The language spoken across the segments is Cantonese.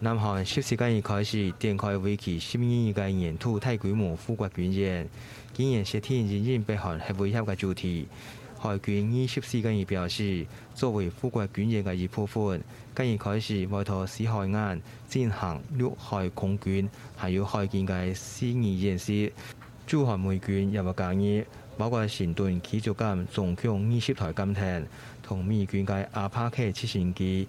南韓十四間日開始展開為期十一日嘅年度大規模復國軍演，今年夏天仍然北韓係威嚇嘅主題，海軍二十四間日表示，作為復國軍演嘅一部分，今日開始委托市海岸進行陸海空軍還有海軍嘅新範演示。駐韓美軍又話介意，包括前段機組咁總共二十台艦艇同美軍嘅阿帕契直升機。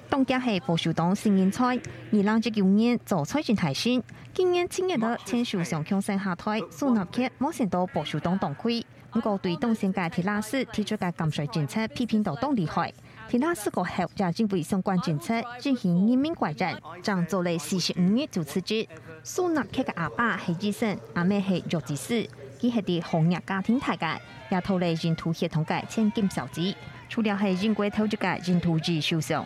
東家係保守黨現任蔡，二零一九年做財政提選。今年七月佢簽署上強生下台蘇納克，冒險到保守黨黨魁。不過，對東先界提拉斯提出嘅減稅政策批評到東厲害，提拉斯個後也準備相關政策進行全面改陣，將做嚟四十五日就辭職。蘇納克嘅阿爸係醫生，阿媽係藥劑師，佢係啲紅日家庭大噶，也拖嚟印度血統嘅千金小子，除了係英國投資者印度裔首相。